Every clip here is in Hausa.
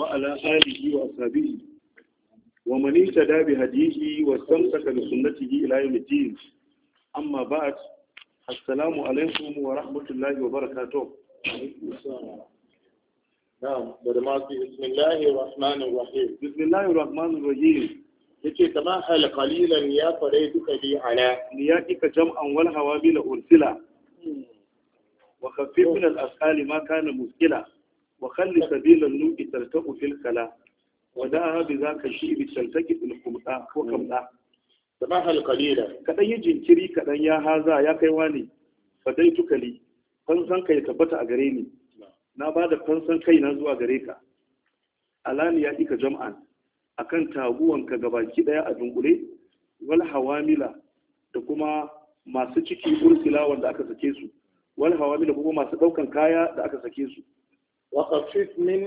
وعلى آله وأصحابه ومن اهتدى بهديه واستمسك بسنته إلى يوم الدين أما بعد السلام عليكم ورحمة الله وبركاته نعم برماسي بسم الله الرحمن الرحيم بسم الله الرحمن الرحيم yace kama hal qalilan ya fare duka bi ala ni ya kika jam'an wal hawabil ursila wa khaffifna al asqali ma kana muskila وخل سبيل النوء ترتق في الكلا ودعها بذاك الشيء تلتقي في القمطاء وكمطاء سماح القليلة كدن يجنكري كدن يا هذا يا كيواني فديتك لي fansan kai tabbata a gare ni na bada da fansan kai na zuwa gareka. ka alani ya ika jam'an akan taguwanka gabaki ɗaya a dunkule wal hawamila da kuma masu ciki ursila wanda aka sake su wal hawamila kuma masu ɗaukan kaya da aka sake su وخفف من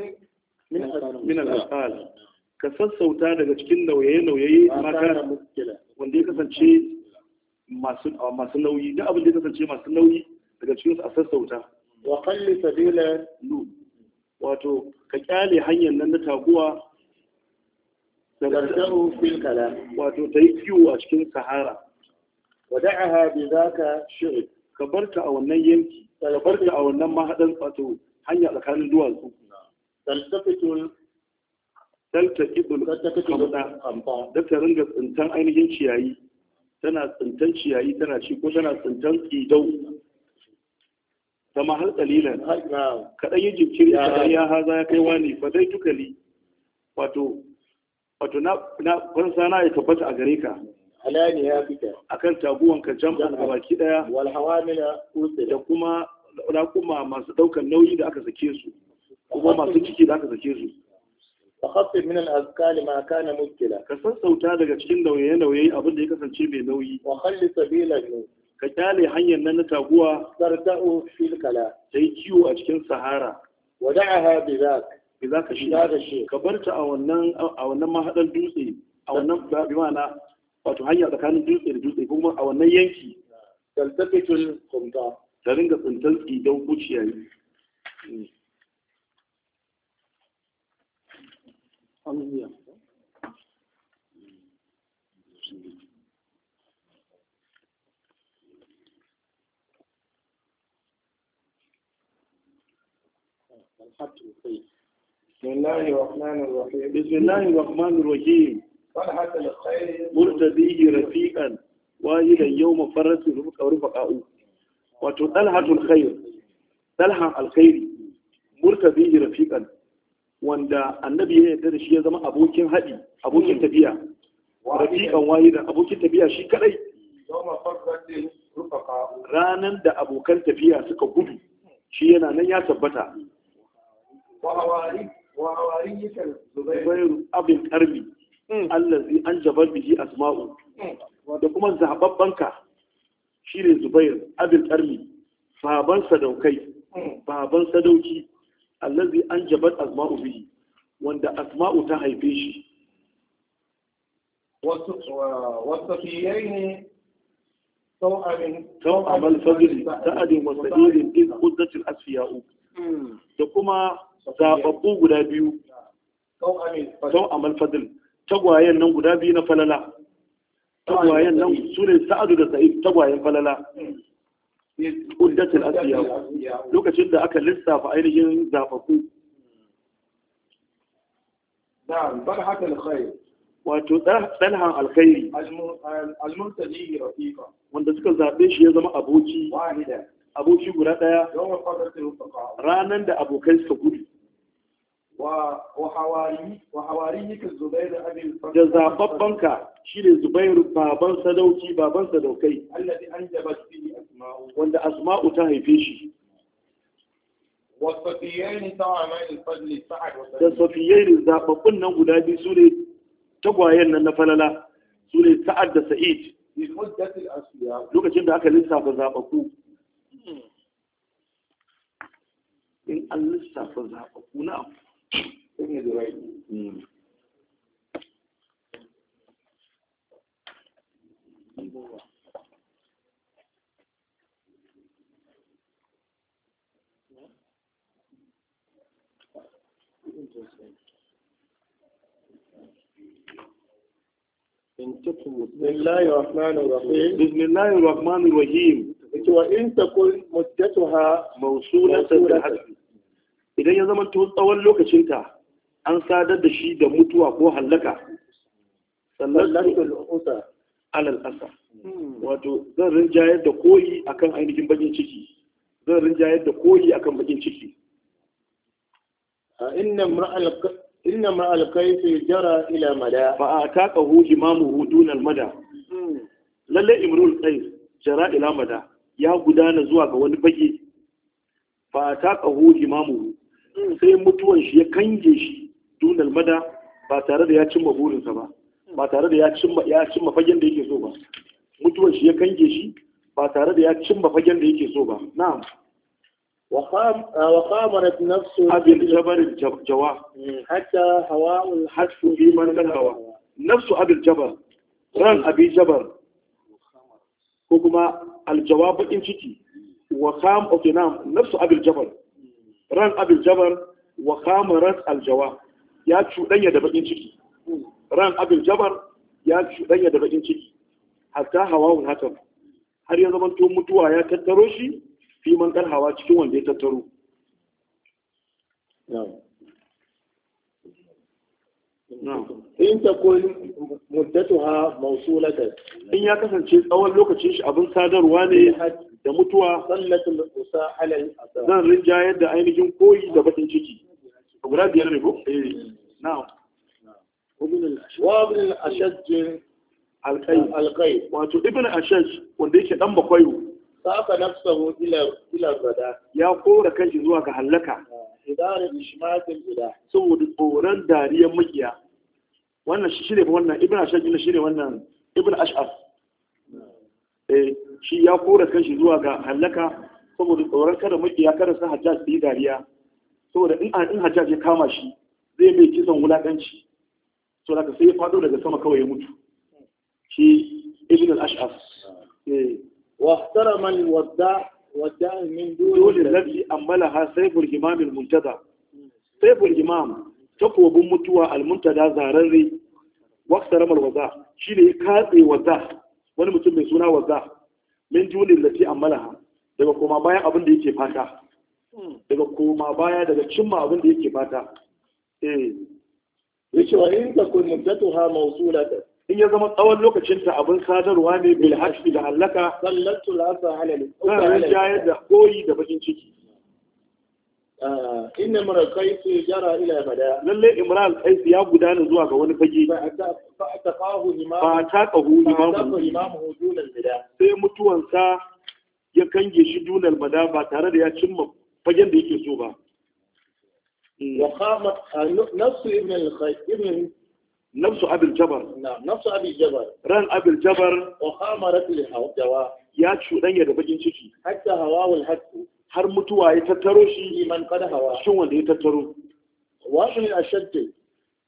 من من الأثقال كسسوتا daga cikin nauye ma ka wanda ya kasance masu masu nauyi da abin da ya kasance masu nauyi daga cikin a sassauta wa qalli sabila lu wato ka kyale hanyar nan na taguwa daga taru fil kala wato tayi kiwo a cikin sahara da'aha bi zaka shirk ka barka a wannan yanki ka barka a wannan mahadan wato hanya tsakanin duwatsu taltaqitul taltaqitul kamda da ta ringa tsintan ainihin ciyayi tana tsintan ciyayi tana ci ko tana tsintan idau kama har Dalilan. kaɗan yi jinkiri kaɗan ya haza ya kai wani ba dai tukali wato wato na fansa na ya tabbata a gare ka alani ya fita akan taguwanka jam'an gabaki daya ɗaya, hawamila da kuma raƙuma masu ɗaukar nauyi da aka sake su kuma masu ciki da aka sake su فخفف من الأذكار ما كان مشكلا كسر سوتا daga cikin nauye nauye abin da ya kasance mai nauyi wa khalli ne. ka tale hanyar nan na taguwa sarta'u fil kala sai kiwo a cikin sahara wada'aha bizak bizaka shi ka barta a wannan a wannan mahadan dutse a wannan bi mana wato hanya tsakanin dutse da dutse kuma a wannan yanki daltafitul qumta بسم الله الرحمن الرحيم بسم الله الرحمن الرحيم فرحة الخير مرتديه رفيقا واهلا يوم فرس رفقاؤه wato dalhatul khair dalhan alkhairi murtabi rafiqan wanda annabi ya yarda da shi ya zama abokin haɗi abokin tafiya rafiqan da abokin tafiya shi kadai ranan da abokan tafiya suka gudu shi yana nan ya tabbata zubairu abin karbi hmm. allazi an jabar bihi asma'u da kuma zababbanka shi ne zubair abin ƙarni baban sadaukai baban sadauki allazi an jabar asma'u bihi wanda asma'u ta haife shi wasu fiyai ne sau'amal fadili sa'adin wasu irin din kudancin hmm. da kuma zaɓaɓɓu guda biyu sau'amal fadil tagwayen nan guda biyu na falala تبوا ين لهم سورة سعد وسعيد تبوا ين فلا لا أدة الأسياء لوك شد أكل لسا فأين ين زافقو نعم بل حتى الخير وتدرح تنهى الخير المرتدي رفيقا وانت سكا زابيش يزم أبوتي واحدة أبوتي قراتا يوم قدرت الفقاء رانا دا أبو كيس فقودي da zababbanka shi ne zubairu baban sadauki baban sadaukai wanda asma'u ta haife shi da safiyayin zababbun nan guda biyu su ne tagwayen nan na falala su ne sa'ad da sa'id lokacin da aka lissafa zababbu in an lissafa zababbu na'am بسم الله الرحمن الرحيم بسم الله الرحمن الرحيم وإن تكن مدتها موصولة بالحذف idan ya zama tsawon lokacinta an sadar da shi da mutuwa ko hallaka alal asa hmm. wato zan rinjayar da koyi akan ainihin bakin ciki zan rinjayar da koyi akan bakin ciki inna ma'al kaifi jara ila mada Ba a ataka hu mamu dunal mada hmm. lalle imrul qais jara ila mada ya gudana zuwa ga wani bage a taƙa hu mamu sai mutuwan shi ya kange shi dunar mada ba tare da ya cimma burinsa ba ba tare da ya cimma ya cimma fagen da yake so ba mutuwan shi ya kange shi ba tare da ya cimma fagen da yake so ba na'am وقامت نفس أبي الجبر الجوا حتى هواء الحشف في من Nafsu نفس أبي jabar ran abi jabar ko kuma aljawab bakin ciki wa kam okay na nafsu abil jabar ran abin jabar wa kama ran aljawa ya cuɗanya da bakin ciki ran abin jabar ya cuɗanya da bakin ciki hatta hawawun haka har ya zama to mutuwa ya tattaro shi fi man hawa cikin wanda ya tattaro in ta kun muddatuha mausulatan in ya kasance tsawon lokacin shi abin sadarwa ne da mutuwa sallatul usa alal asar zan rinjayar da ainihin koyi da bakin ciki guda biyar ne ko eh na'am wa ibn al-ashaj alqai wato ibn ashaj wanda yake dan Bakwai? saka na ila ila gada ya kora kanshi zuwa ga halaka idara ishmatil ila saboda tsoron dariyar makiya wannan shi ne wannan Ibin ashaj ne shi ne wannan ibn ash'af Eh, shi ya kora kanshi zuwa ga halaka saboda tsoron kada ya kada sa hajjaj su yi dariya saboda in an hajjaj ya kama shi zai mai kisan wulakanci to daga sai ya fado daga sama kawai ya mutu shi ibn al-ash'af eh wa ihtarama al-wadda wadda min dole ladhi ha sayful imam al-muntada sayful imam takobin mutuwa al-muntada zararre wa ihtarama al-wadda ne ya katse wadda wani mutum mai suna wazza min julin lati amalaha daga koma bayan abin da yake fata daga koma baya daga cimma abin da yake fata eh yace wa in ta kun ha mawsulatan in ya zama tsawon lokacin ta abin sadarwa ne bil hashfi da halaka sallatu la sa halal ko ya da koyi da bakin ciki inna imral kaisu jara ila bada lalle imral kaisu ya gudana zuwa ga wani fage Ba fa taqahu imamu fa taqahu imamu imamu dunal bada sai mutuwansa ya kange shi dunal bada ba tare da ya cimma fagen da yake so ba wa qamat nafsu ibn al-khayy ibn nafsu abil jabar nafsu abil jabar ran abil jabar wa qamarat li hawa ya cudanya da bakin ciki hatta hawawul hakku har mutuwa ya tattaro shi shi wanda ya tattaro wani ashadde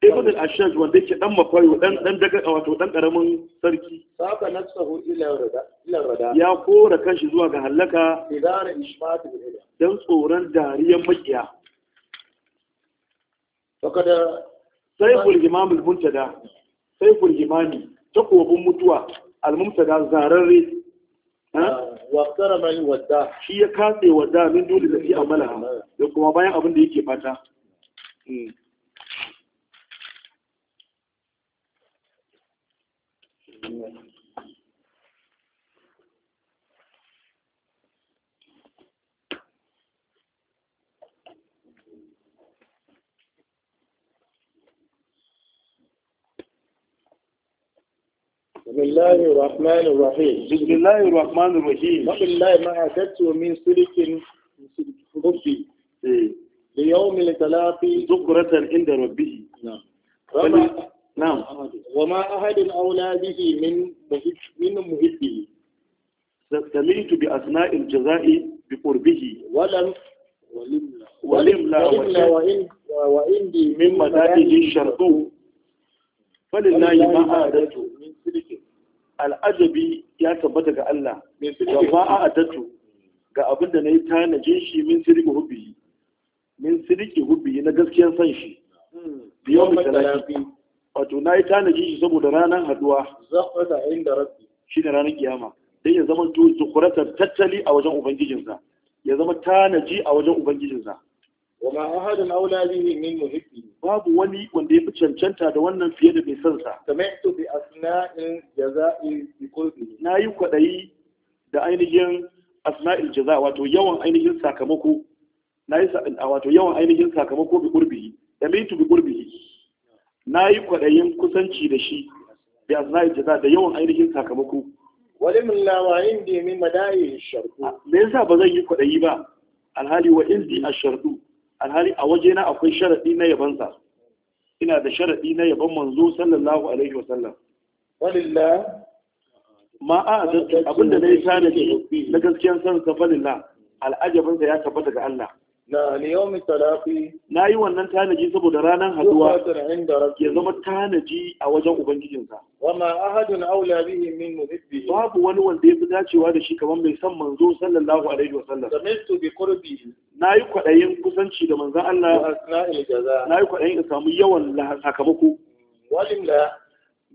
ibn al-ashaj wanda yake dan mafayo dan dan daga wato dan karamin sarki saka nafsahu ila rada ila rada ya kora kanshi zuwa ga halaka idara ishmat bil ila dan tsoron dariyan makiya fakada sayful imam al-muntada sayful imami takobin mutuwa al muntada zararre waƙara shi ya kafe wadda min dole da fi amala da kuma bayan abin da yake fata Thank hmm. you. بسم الله الرحمن الرحيم بسم الله الرحمن الرحيم الله ما أتت من سلك ربي ليوم التلاقي ذكرة عند ربه نعم نعم وما أحد أولاده من من محبه سميت بأثناء الجزاء بقربه ولم ولم لا وإن وإندي من مدائه شرطه فلله ما أعددت من سلك al'ajabi ya tabbata ga Allah ga ma a addatu ga abin da na yi jin shi min siriki hubi, min siriki hubi na gaskiyar san shi biyan hmm. misalaki wato na yi jin shi saboda ranar haduwa shi ne ranar kiyama don ya zama zukuratar tattali a wajen ubangijinsa ya zama tanaji a wajen ubangijinsa wa ma ahadun aula bihi min muhibbi babu wani wanda ya fi cancanta da wannan fiye da mai son sa tamattu bi asna'in jaza'i da ainihin asna'il jaza wato yawan ainihin sakamako bi qurbi tamattu bi qurbi kusanci da shi bi asna'il jaza da yawan ainihin sakamako wani mullawa indi min madayi sharku me yasa ba zan yi kwaɗayi ba alhali wa indi ashardu alhali a wajena akwai sharaɗi na yabansa ina da sharaɗi na yaban manzo sallallahu alaihi wasallam walillah ma a abinda na yi tanadi na gaskiyan san sa falillah al'ajabinsa ya tabbata ga Allah na liyomi talafi na yi wannan tanaji saboda ranar haduwa ya zama tanaji a wajen ubangijinsa wama ahadun aula bihi min muhibbi babu wani wanda ya fi dacewa da shi kamar mai san manzo sallallahu alaihi wasallam samistu bi qurbi na yi kwadayin kusanci da manzon Allah na yi kwadayin in samu yawan sakamako walimla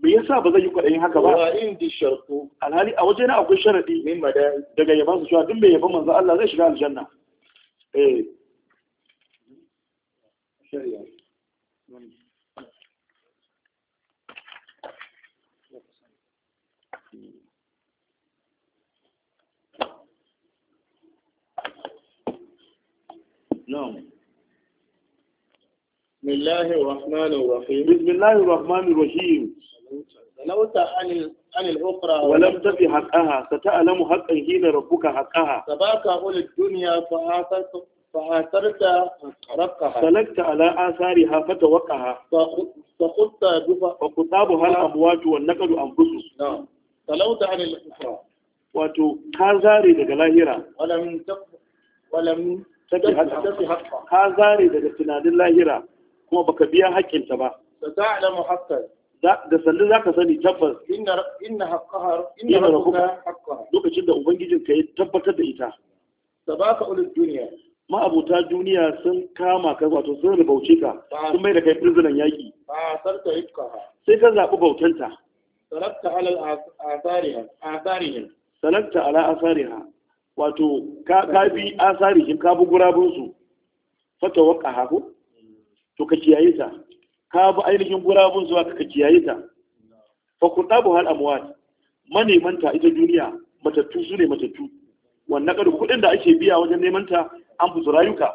me yasa ba zai yi kwaɗayin haka ba wa indi shartu alhali a waje na akwai sharadi min madai daga yaban su cewa duk mai yaban manzan Allah zai shiga aljanna eh يعني. نعم. نعم بسم الله الرحمن الرحيم بسم الله الرحمن الرحيم لو عن عن الأخرى ولم تفي حقها ستعلم حقا حين ربك حقها سباك اول الدنيا فآثرت فآثرت رقها سلكت على آثارها فتوقعها فخذت دفع وخطابها الأموات والنقد أنفسه نعم سلوت عن الأخرى wato ka zare daga lahira walam take haka ka zare daga tunanin lahira kuma baka biya haƙƙinta ba da ta'lamu da sandu za ka sani tabbas inna haqqaha inna haqqaha lokacin da ubangijin ka ya tabbatar da ita sabaka ulul duniya ma'abuta duniya sun kama ka wato sun rubauce ka sun da kai prisoner yaki sai ka zaɓi bautanta salatta ala asarihin salatta ala asariha wato ka bi asarihin ka bi gurabunsu fata waka haku to ka kiyaye ta ka bi ainihin su ka kiyaye ta fa kuɗaɓu hal amwat manemanta ita duniya matattu su ne matattu wannan kudin da ake biya wajen neman ta an fusu rayuka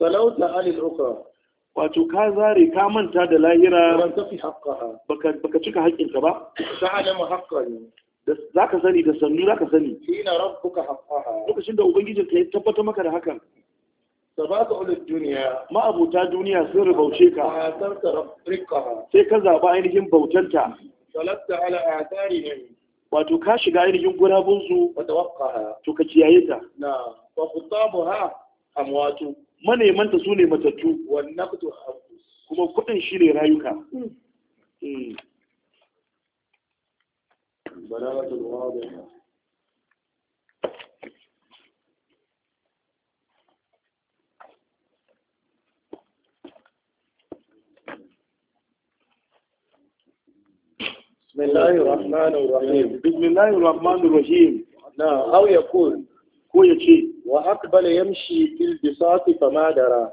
salauta alil ukra wato ka zare ka manta da lahira baka cika haƙƙinka ba haƙƙa ne. za ka sani da sannu za ka sani Ina hina rabbuka haqqaha lokacin da ubangijin ka yi tabbata maka da hakan sabata ulul duniya ma'abuta duniya sun rubauce ka asarta rabbuka sai ka zaba ainihin bautanta salatta ala ne. wato ka shiga ainihin gurabun su to ka kiyaye ta na wa khutabuha amwatu maneman ta sune matattu wan naqtu kuma kudin ne rayuka mm. mm. balagatul wadiha بسم الله rahim. الرحيم بسم الله ko ya ce wa akbala yamshi fil bisati famadara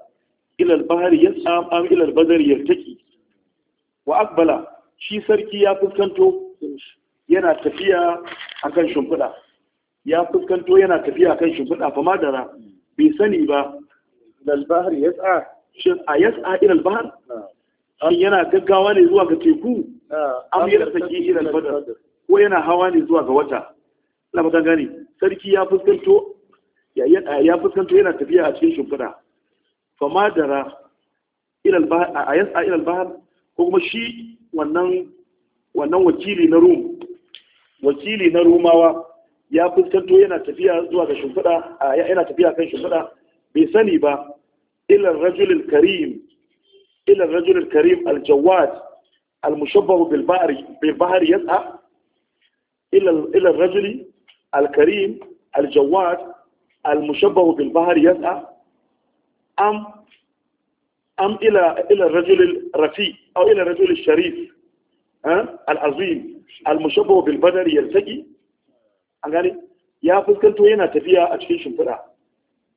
ila al-bahr yasam am ila al-badr yartaki wa shi sarki ya fuskanto yana tafiya akan shimfiɗa ya fuskanto yana tafiya akan shimfiɗa famadara bai sani ba al-bahr yas'a shin a yas'a ila al-bahr yana gaggawa ne zuwa ga teku am yartaki ila al-badr ko yana hawa ne zuwa ga wata ina ba gane sarki ya fuskanto ya fuskanto yana tafiya a cikin shimfiɗa fama dara a yasa ilal bahar ko kuma shi wannan wakili na rum wakili na rumawa ya fuskanto yana tafiya zuwa ga shimfiɗa yana tafiya kan shimfiɗa bai sani ba ilal rajulil karim ilal rajulil karim aljawad المشبه بالبحر بالبحر يسعى إلى إلى الرجل الكريم الجواد المشبه بالبحر يسعى أم أم إلى إلى الرجل الرفيع أو إلى الرجل الشريف أه؟ العظيم المشبه بالبدر يرتقي أنغاني ya fuskanto yana tafiya a cikin shimfiɗa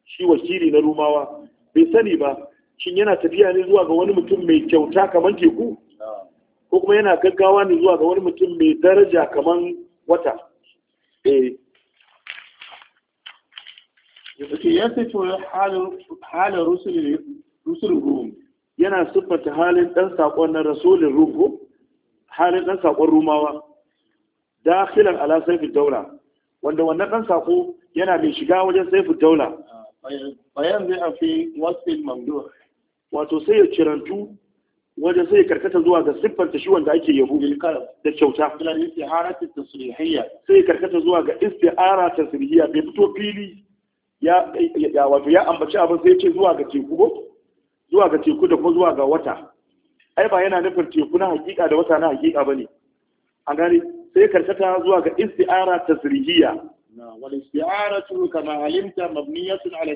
shi wakili na rumawa bai sani ba shin yana tafiya ne zuwa ga wani mutum mai kyauta kamar teku ko kuma yana gaggawa ne zuwa ga wani mutum mai daraja kaman wata eh. yana siffanta halin ɗan saƙon na rasulun ruhu halin ɗan saƙon rumawa dakilan ala saifin daula wanda wannan ɗan saƙo yana mai shiga wajen saifin daula ah, bayan zai a fi wasu mamdu wato sai ya cirantu wajen sai karkata zuwa ga ta shi wanda ake yabo da kyauta ilal istihara tasrihiyya sai karkata zuwa ga istihara tasrihiyya bai fito fili ya ya wato ya ambaci abin sai ce zuwa ga teku ko zuwa ga teku da kuma zuwa ga wata ai ba yana nufin teku na hakika da wata na hakika bane an gane sai karkata zuwa ga istihara tasrihiyya والاستعارة كما علمت مبنية على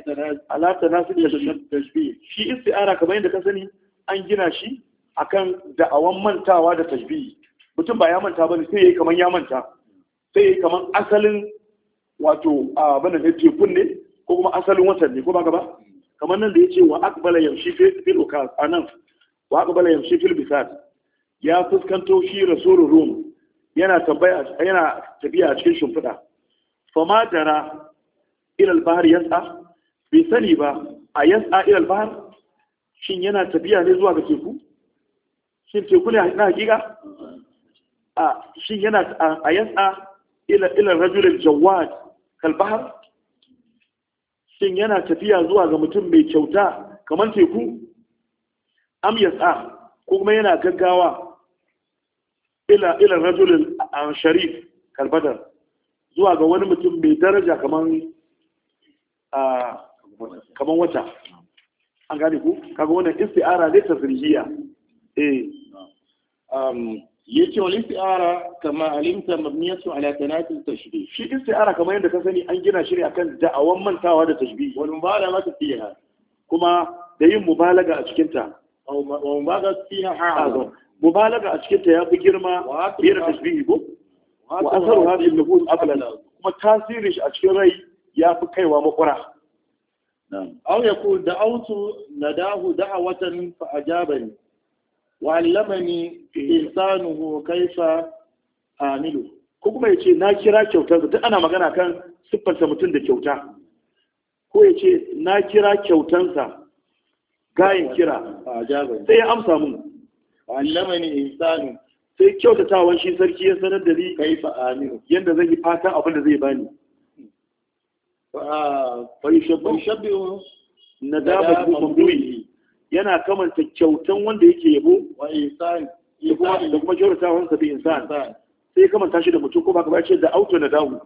تناسب على tashbih shi istiara kamar yadda ka sani an gina shi akan da'awan mantawa da tajbi mutum ba ya manta bane sai yayi kaman ya manta sai yayi kaman asalin wato a bana da tekun ne ko kuma asalin watan ne ko ba gaba kamar nan da yace wa akbala yamshi fi ukas anan wa akbala yamshi fil bisad ya fuskanto shi rasulun rum yana tambaya yana tafiya a cikin shimfiɗa fama dara ilal bahar yasa bai sani ba a yasa ilal bahar shin yana tafiya ne zuwa ga teku shin teku ne na hakika a shi yana a yasa ila ila jawad kalbahar bahr shin yana tafiya zuwa ga mutum mai kyauta kamar teku am yasa ko kuma yana gaggawa ila ila rajulil sharif kalbadar zuwa ga wani mutum mai daraja kamar kamar wata an gane ku kaga wannan isti'ara ne tasrihiya Eh. Um, ya ce wani isti'ara kama alimta mabniyatu ala tanatul tashbi shi isti'ara kamar yadda ka sani an gina shirya kan da'awan mantawa da Wani tashbih wal mubalagha fiha kuma da yin mubalaga a cikin ta wa mubalaga ah, mubalaga a cikin ya fi girma fiye da tashbi ko wa asaru hadhihi an-nufus aqlan kuma tasirin shi a cikin rai yafi kaiwa makwara aw yakun da'awtu nadahu da'awatan fa ajabani wa'allamani ihsanuhu kaifa amilu ko kuma ya ce na kira kyautar duk ana magana kan siffarsa mutum da kyauta ko ya ce na kira kyautansa gayin kira sai ya amsa mun wa'allamani insanu sai kyautatawan shi sarki ya sanar da ni kaifa amilu yanda zan yi fata abin da zai bani fa yushabbihu kuma buyi yana kamanta kyautan wanda yake yabo wa insan da kuma da kuma kyautatawan bi insan sai kamanta shi da mutum ko baka ba da auto na dahu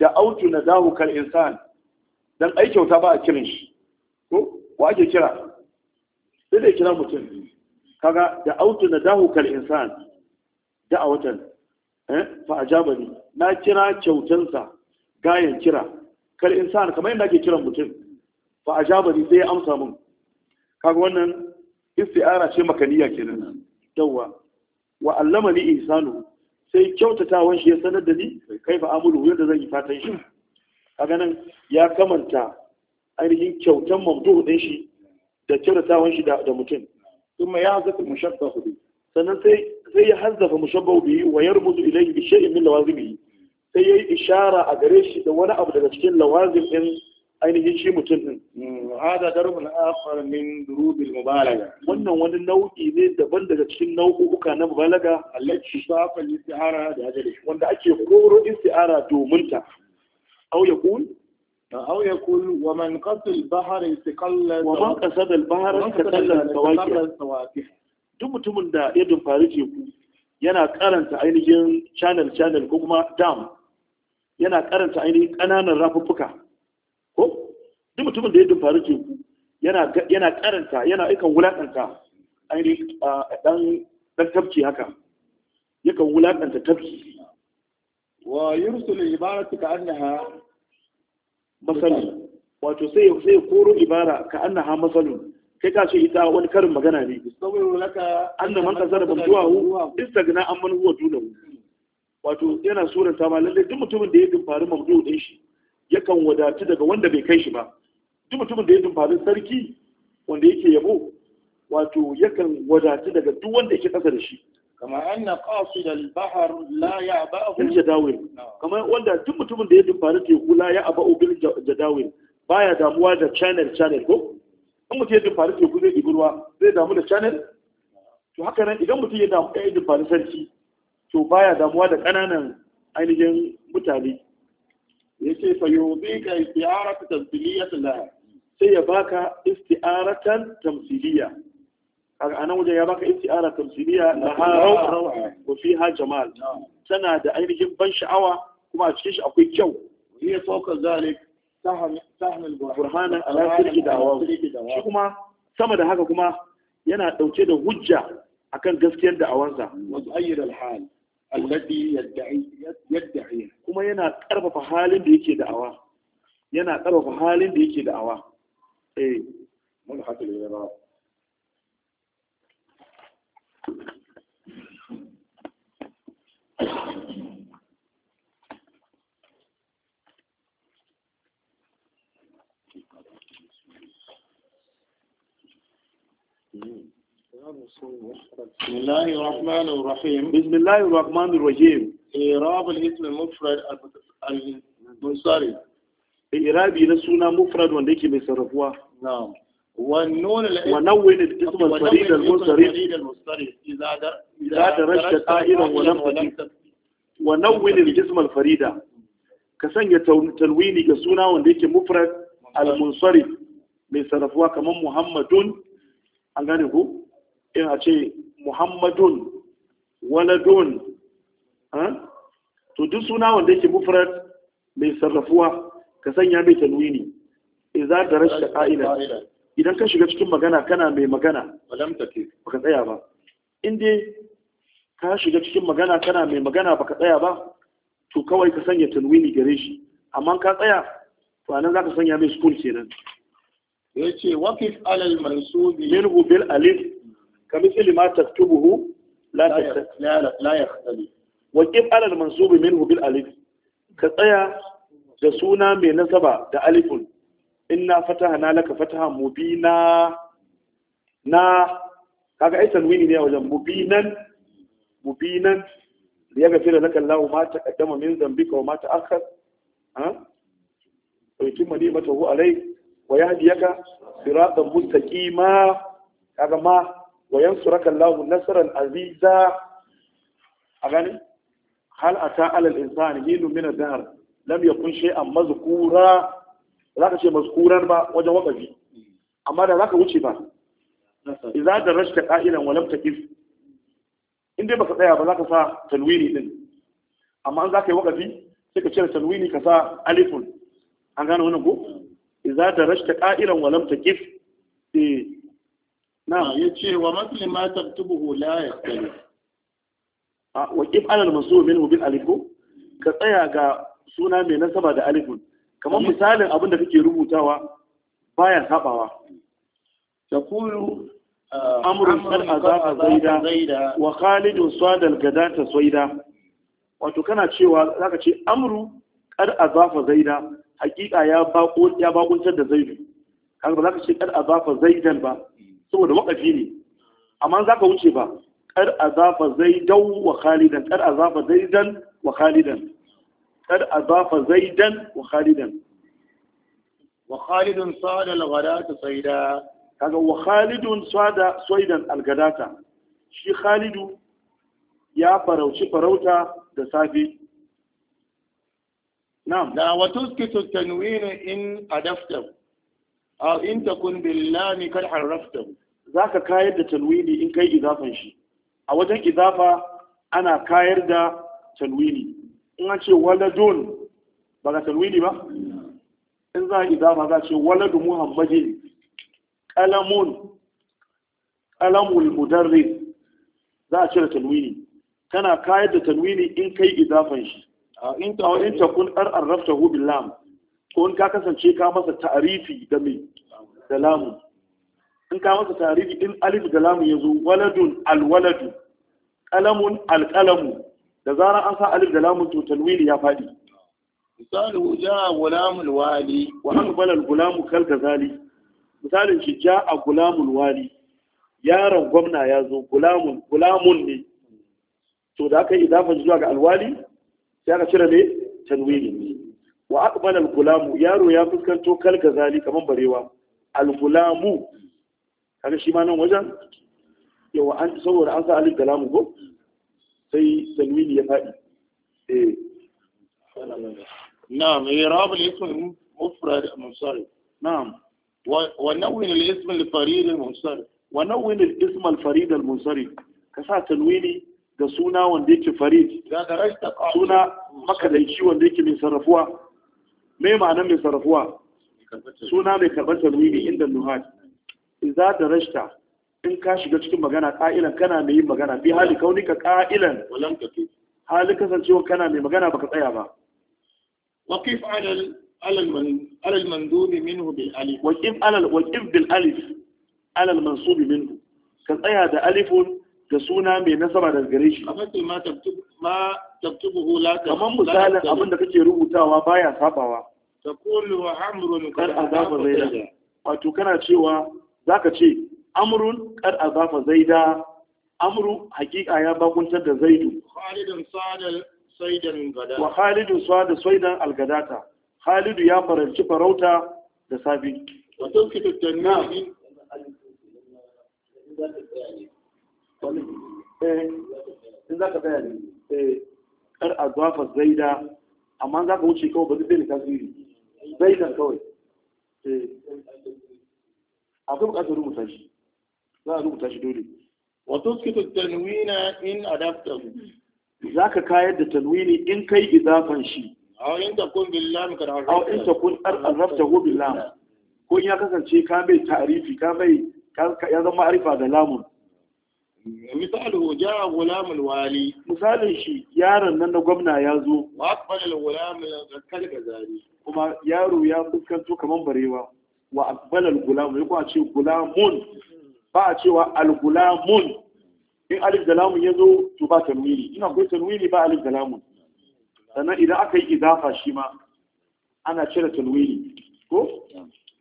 da auto na dahu kal insan dan ai kyauta ba a kiran shi ko wa ake kira sai dai kira mutum kaga da auto na dahu kal insan da a watan eh fa ajabani na kira kyautansa gayan kira kal insan kamar yadda ake kiran mutum fa ajabani sai ya amsa mun kaga wannan isti'ara ce makaniya kenan yawa wa allama ni insanu sai kyautatawan shi ya sanar da ni kai fa amulu yadda zan yi fatan shi kaga nan ya kamanta ainihin kyautan mamduhu din shi da kyautatawan shi da mutum kuma ya hazaka mushabbahu bi sannan sai sai ya hazzafa mushabbahu bi wa yarmuzu ilayhi bi shay'in min lawazimi sai yayi ishara a gare shi da wani abu daga cikin lawazim din ainihin shi mutum din mm, hada darbun akhar min durubil mubalaga wannan wani nau'i ne daban daga cikin nau'uka na mubalaga allati safa isti'ara da ajali wanda ake koro isti'ara domin ta aw yakun aw yakun wa man qasal bahr istiqalla wa man qasad al bahr istiqalla sawaqi duk mutumin da ya dumfari teku yana karanta ainihin channel channel ko kuma dam yana karanta ainihin ƙananan rafuffuka duk mutumin da ya dumfari teku yana karanta yana aikan wulakanta ainihin dan tafki haka yakan wulakanta tafki wa yursul ibaratu ka annaha masalun wato sai sai koro ibara ka annaha masalun kai ka ce ita wani karin magana ne saboda laka annan man kasar bamduwahu istagna amman huwa dunahu wato yana surata ma lalle duk mutumin da ya dumfari mamdu din shi yakan wadatu daga wanda bai kai shi ba duk mutumin da ya dumfari sarki wanda yake yabo wato yakan wadaci daga duk wanda yake ƙasa da shi Kamar anna qasid al-bahr la ya'ba'u bil jadawil Kamar wanda duk mutumin da ya dumfari teku la ya'ba'u bil jadawil baya damuwa da channel channel ko in mutum ya dumfari teku zai ɗibi ruwa zai damu da channel to haka nan idan mutum ya damu ya dumfari sarki to baya damuwa da ƙananan ainihin mutane yake fa yubi ka isti'aratu tazkiliyatillah sai ya baka isti'aratan tamsiliya kaga anan wajen ya baka isti'ara tamsiliya na rawa wa fiha jamal tana da ainihin ban sha'awa kuma a cikin shi akwai kyau ya fauka zalik sahmil burhana ala sirki da'awa shi kuma sama da haka kuma yana dauke da hujja akan gaskiyar da'awansa wa ayyir al-hal allati yadda'i kuma yana karfafa halin da yake da'awa yana karfafa halin da yake da'awa eh إيه. mun بسم الله الرحمن الرحيم بسم الله الرحمن الرحيم إعراب الاسم المفرد المنصرف irabi na suna mufrad wanda yake mai sarrafuwa na'am wannan wannan wani da ta tsuma sari da ruwan sari za ta rashka ƙa'idan wannan fadi wannan wani da farida ka sanya talwini ga suna wanda yake mufrad al-munsari mai sarrafuwa kamar muhammadun an gane ku in a ce muhammadun waladun to duk suna wanda yake mufrad mai sarrafuwa ka sanya mai tanwini idza darashta qa'ilan idan ka shiga cikin magana kana mai magana ba take baka tsaya ba Inde ka shiga cikin magana kana mai magana baka tsaya ba to kawai ka sanya tanwini gare shi amma ka tsaya to anan zaka sanya mai sukun kenan yace waqif alal mansubi minhu bil alif kamithli ma taktubuhu la la la yakhtali waqif alal mansubi minhu bil alif ka tsaya da suna mai nasaba da alifun inna fataha na laka fataha mubina na kaga aisan wini ne a wajen mubinan mubinan da ya gafira laka Allah ma ta kaddama min zambika wa ma ta akhar ha wa yutimma ni'matahu alayk wa yahdiyaka siratan mustaqima kaga ma wa yansuraka Allah nasran aziza a gani hal ata alal insani hinu min ad-dahr lam yakun shay'an mazkura zaka ce mazkuran ba wajen wakafi amma da zaka wuce ba idza darashta qa'ilan wa lam taqif in dai baka tsaya ba zaka sa tanwini din amma an zaka yi wakafi sai ka cire tanwini ka sa alifun an gane wannan ko idza darashta qa'ilan wa lam taqif eh na ce wa matli ma taktubuhu la yaqtali ah, wa qif ala al-mansub minhu bil alif ka tsaya ga suna mai nasaba da alifun kamar misalin abin da kake rubutawa bayan sabawa taqulu amrun qad azaqa zaida wa khalidun sadal gadata saida wato kana cewa zaka ce amru a azafa zaida hakika ya bako ya bakuntar da zaidu kaga ba zaka ce qad azafa zaidan ba saboda wakafi ne amma zaka wuce ba kar azafa zaidau wa khalidan qad azafa zaidan wa khalidan kad azafa zaidan wa khalidan wa khalidun sada al saida kaga wa khalidun sada shi khalidu ya farauci farauta da safi da wa tuskitu tanwin in adafta aw in takun billahi kad harrafta zaka kayar da tanwini in ka yi idafan shi a wajen idafa ana kayar da talwini. in an ce waladun ba ga Talwini ba in za a idama za a ce waladu muhammadi kalamun kalamun mudarri za a cire Talwini. Tana kayar da Talwini in kai idafan shi in ta in ta kun ar arrafta hu lam ko in ka kasance ka masa ta'arifi da mai da lamu in ka masa ta'arifi in alif da lamu zo waladun al waladu qalamun da zarar an sa alif da lamun to talwili ya fadi misali ja gulamul wali wa aqbala al gulamu kal kazali misalin shi ja a gulamul wali yaron gwamna ya zo gulamun gulamun ne to da aka idafa zuwa ga alwali sai aka cire ne talwili wa aqbala al gulamu yaro ya fuskanto kal kazali kaman barewa al gulamu kaga shi ma nan wajen yawa an saboda an sa alif da lamun ko sai tanwini ya faɗi eh na'am i'rab al-ism mufrad na'am wa nawwin al-ism farid al-munsarif wa nawwin al-ism farid al-munsarif ka sa tanwini ga suna wanda yake farid suna makadaici wanda yake mai sarrafuwa ma'ana mai sarrafuwa suna mai tanwini inda in ka shiga cikin magana ƙa'ilan kana mai yin magana bi hali kaunika ƙa'ilan ka tu hali kasancewa kana mai magana baka tsaya ba waqif alal alal mandubi minhu bil alif waqif alal waqif bil alif alal mansubi minhu ka tsaya da alifun da suna mai nasaba da gare shi kamar misalin abin da kake rubutawa baya sabawa ta kullu amrun kar azaba zai wato kana cewa zaka ce amrun kar azafa zaida amru hakika ya bakuntar da zaidu khalidun sadal saidan gadata khalidun sada saidan algadata khalidu ya faranci farauta da safi wa eh, in eh, kar zaida amma zaka wuce kawai za a rubuta shi dole wa tusqitu talwina in hmm. Za ka kayar da talwini in kai idafan shi aw in takun billam kad aw in takun arraftahu billam ko in ya kasance ka mai ta'rifi ka mai ya zama arifa da lamun Misali, misalu a gulam alwali misalin shi yaron nan na gwamna ya zo wa aqbal algulam kal gazali kuma yaro ya fuskanto kaman barewa wa aqbal algulam ya kwace gulamun ba a cewa al-gulamun in alif da lamun ya zo to ba tanwini in akwai tanwini ba alif da lamun sannan idan aka yi idafa shi ma ana cire tanwini ko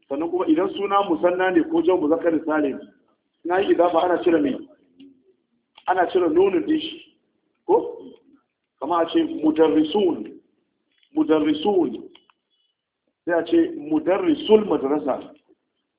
sannan kuma idan suna musanna ne ko jan muzakkar ne? na yi idafa ana cire mai ana cire nunin din shi ko kama a ce mudarrisun mudarrisun sai a ce mudarrisul madrasa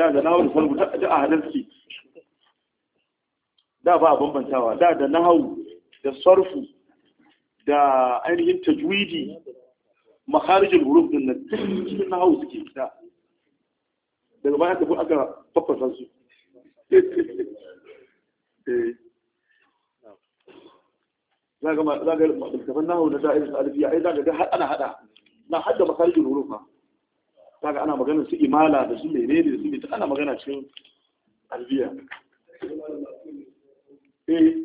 da da nahawu da sarfu da a hadar da ba a bambantawa da da nahawu da sarfu da ainihin tajwidi makharijin huruf din nan cikin nahawu suke da daga baya tafi aka fafasa su eh. za ga na alfiya ai za ga ana hada na huruf ma kaga ana magana su imala da su menene da su ne ana magana cikin albiya eh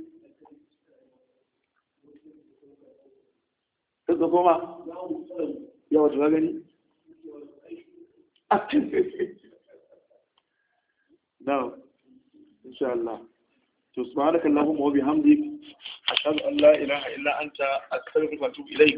kaga kuma ya wato ga gani na insha Allah to subhanakallahumma wa bihamdik ashhadu an la ilaha illa anta astaghfiruka wa atubu ilayk